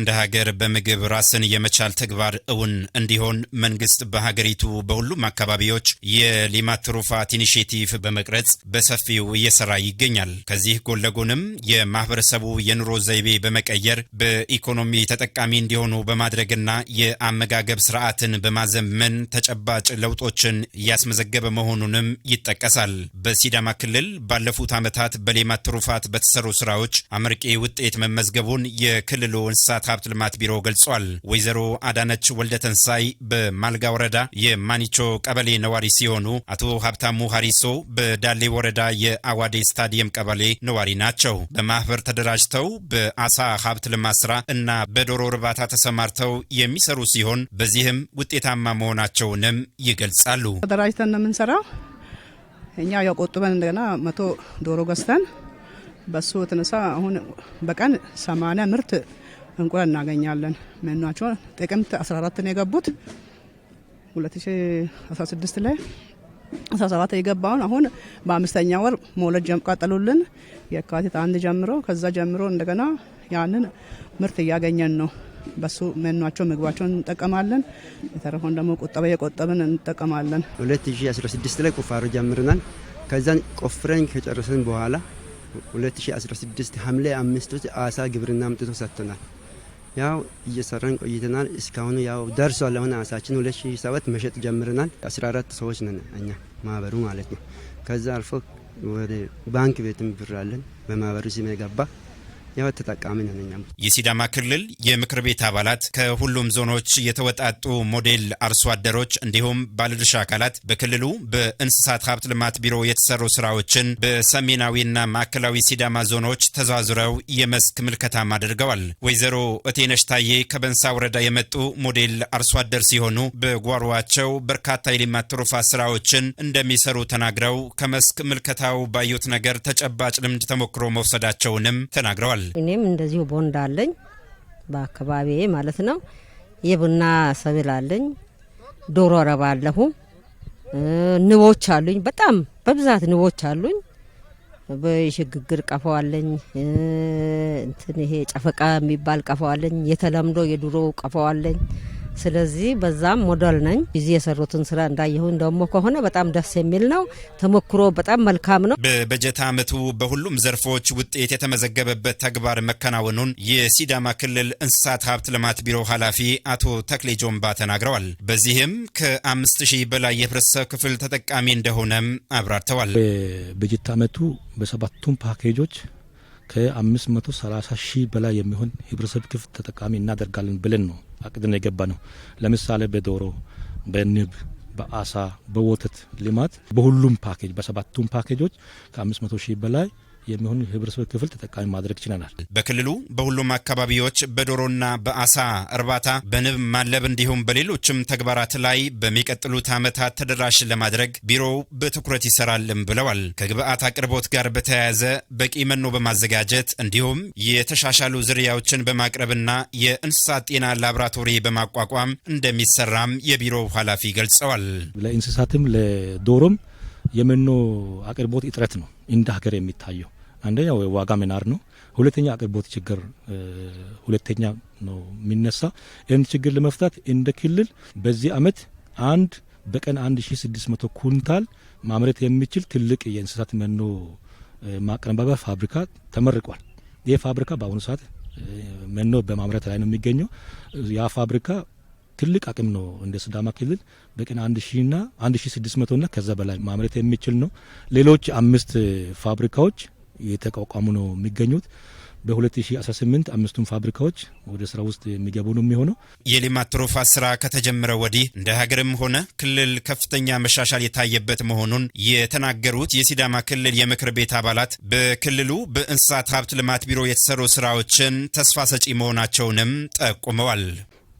እንደ ሀገር በምግብ ራስን የመቻል ተግባር እውን እንዲሆን መንግስት በሀገሪቱ በሁሉም አካባቢዎች የሌማት ትሩፋት ኢኒሽቲቭ በመቅረጽ በሰፊው እየሰራ ይገኛል። ከዚህ ጎን ለጎንም የማህበረሰቡ የኑሮ ዘይቤ በመቀየር በኢኮኖሚ ተጠቃሚ እንዲሆኑ በማድረግና የአመጋገብ ስርዓትን በማዘመን ተጨባጭ ለውጦችን እያስመዘገበ መሆኑንም ይጠቀሳል። በሲዳማ ክልል ባለፉት ዓመታት በሌማት ትሩፋት በተሰሩ ስራዎች አመርቂ ውጤት መመዝገቡን የክልሉ እንስሳት የእንስሳት ሀብት ልማት ቢሮ ገልጿል። ወይዘሮ አዳነች ወልደ ተንሳይ በማልጋ ወረዳ የማኒቾ ቀበሌ ነዋሪ ሲሆኑ አቶ ሀብታሙ ሀሪሶ በዳሌ ወረዳ የአዋዴ ስታዲየም ቀበሌ ነዋሪ ናቸው። በማህበር ተደራጅተው በአሳ ሀብት ልማት ስራ እና በዶሮ እርባታ ተሰማርተው የሚሰሩ ሲሆን በዚህም ውጤታማ መሆናቸውንም ይገልጻሉ። ተደራጅተን ነው የምንሰራው። እኛ ያው ቆጥበን እንደገና መቶ ዶሮ ገዝተን በሱ የተነሳ አሁን በቀን ሰማንያ ምርት እንቁላል እናገኛለን። መኗቸው ጥቅምት 14 ነው የገቡት 2016 ላይ 17 የገባውን አሁን በአምስተኛ ወር መውለድ ቀጠሉልን። የካቲት አንድ ጀምሮ ከዛ ጀምሮ እንደገና ያንን ምርት እያገኘን ነው። በሱ መኗቸው ምግባቸውን እንጠቀማለን። የተረፈውን ደግሞ ቁጠበ የቆጠብን እንጠቀማለን። 2016 ላይ ቁፋሮ ጀምረናል። ከዛን ቆፍረን ከጨረስን በኋላ 2016 ሐምሌ አምስት አሳ ግብርና አምጥቶ ሰጥተናል። ያው እየሰራን ቆይተናል። እስካሁን ያው ደርሷል። አሁን አሳችን 2007 መሸጥ ጀምረናል። 14 ሰዎች ነን እኛ ማህበሩ ማለት ነው። ከዛ አልፎ ወደ ባንክ ቤትም ብራለን በማህበሩ ስም የገባ የህይወት ተጠቃሚ ነን እኛም። የሲዳማ ክልል የምክር ቤት አባላት ከሁሉም ዞኖች የተወጣጡ ሞዴል አርሶ አደሮች እንዲሁም ባለድርሻ አካላት በክልሉ በእንስሳት ሀብት ልማት ቢሮ የተሰሩ ስራዎችን በሰሜናዊና ማዕከላዊ ሲዳማ ዞኖች ተዘዋዝረው የመስክ ምልከታም አድርገዋል። ወይዘሮ እቴነሽ ታዬ ከበንሳ ወረዳ የመጡ ሞዴል አርሶ አደር ሲሆኑ በጓሯቸው በርካታ የልማት ትሩፋት ስራዎችን እንደሚሰሩ ተናግረው ከመስክ ምልከታው ባዩት ነገር ተጨባጭ ልምድ ተሞክሮ መውሰዳቸውንም ተናግረዋል። ይላል። እኔም እንደዚሁ ቦንድ አለኝ በአካባቢ ማለት ነው። የቡና ሰብል አለኝ፣ ዶሮ አለሁ ንቦች አሉኝ። በጣም በብዛት ንቦች አሉኝ። በሽግግር ቀፈዋለኝ፣ እንትን ይሄ ጨፈቃ የሚባል ቀፈዋለኝ፣ የተለምዶ የድሮ ቀፈዋለኝ። ስለዚህ በዛም ሞዴል ነኝ። እዚህ የሰሩትን ስራ እንዳየሁን ደግሞ ከሆነ በጣም ደስ የሚል ነው። ተሞክሮ በጣም መልካም ነው። በበጀት ዓመቱ በሁሉም ዘርፎች ውጤት የተመዘገበበት ተግባር መከናወኑን የሲዳማ ክልል እንስሳት ሀብት ልማት ቢሮ ኃላፊ አቶ ተክሌ ጆምባ ተናግረዋል። በዚህም ከአምስት ሺህ በላይ የህብረተሰብ ክፍል ተጠቃሚ እንደሆነም አብራርተዋል። በበጀት ዓመቱ በሰባቱም ፓኬጆች ከ530 ሺህ በላይ የሚሆን ህብረተሰብ ክፍት ተጠቃሚ እናደርጋለን ብለን ነው አቅድን የገባ ነው። ለምሳሌ በዶሮ፣ በንብ፣ በአሳ፣ በወተት ልማት በሁሉም ፓኬጅ በሰባቱም ፓኬጆች ከ500 ሺህ በላይ የሚሆን የህብረተሰብ ክፍል ተጠቃሚ ማድረግ ችለናል። በክልሉ በሁሉም አካባቢዎች በዶሮና በአሳ እርባታ በንብ ማለብ እንዲሁም በሌሎችም ተግባራት ላይ በሚቀጥሉት ዓመታት ተደራሽ ለማድረግ ቢሮው በትኩረት ይሰራልም ብለዋል። ከግብአት አቅርቦት ጋር በተያያዘ በቂ መኖ በማዘጋጀት እንዲሁም የተሻሻሉ ዝርያዎችን በማቅረብና የእንስሳት ጤና ላብራቶሪ በማቋቋም እንደሚሰራም የቢሮው ኃላፊ ገልጸዋል። ለእንስሳትም ለዶሮም የመኖ አቅርቦት እጥረት ነው እንደ ሀገር የሚታየው። አንደኛው ዋጋ መናር ነው። ሁለተኛ አቅርቦት ችግር ሁለተኛ ነው የሚነሳ። ይህን ችግር ለመፍታት እንደ ክልል በዚህ አመት አንድ በቀን 1600 ኩንታል ማምረት የሚችል ትልቅ የእንስሳት መኖ ማቀነባበሪያ ፋብሪካ ተመርቋል። ይህ ፋብሪካ በአሁኑ ሰዓት መኖ በማምረት ላይ ነው የሚገኘው። ያ ፋብሪካ ትልቅ አቅም ነው። እንደ ስዳማ ክልል በቀን አንድ ሺና አንድ ሺ ስድስት ና ከዛ በላይ ማምረት የሚችል ነው። ሌሎች አምስት ፋብሪካዎች የተቋቋሙ ነው የሚገኙት። በ2018 አምስቱን ፋብሪካዎች ወደ ስራ ውስጥ የሚገቡ ነው የሚሆነው። የሌማት ትሩፋት ስራ ከተጀመረ ወዲህ እንደ ሀገርም ሆነ ክልል ከፍተኛ መሻሻል የታየበት መሆኑን የተናገሩት የሲዳማ ክልል የምክር ቤት አባላት በክልሉ በእንስሳት ሀብት ልማት ቢሮ የተሰሩ ስራዎችን ተስፋ ሰጪ መሆናቸውንም ጠቁመዋል።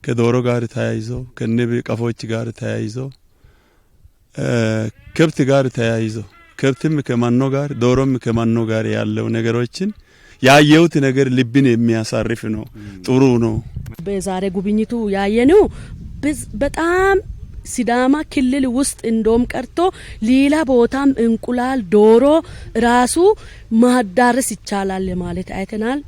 ከዶሮ ጋር ተያይዞ ከንብ ቀፎች ጋር ተያይዞ ከብት ጋር ተያይዞ ከብትም ከማኖ ጋር ዶሮም ከማኖ ጋር ያለው ነገሮችን ያየሁት ነገር ልብን የሚያሳርፍ ነው። ጥሩ ነው። በዛሬ ጉብኝቱ ያየነው በጣም ሲዳማ ክልል ውስጥ እንደውም ቀርቶ ሌላ ቦታም እንቁላል ዶሮ ራሱ ማዳረስ ይቻላል ማለት አይተናል።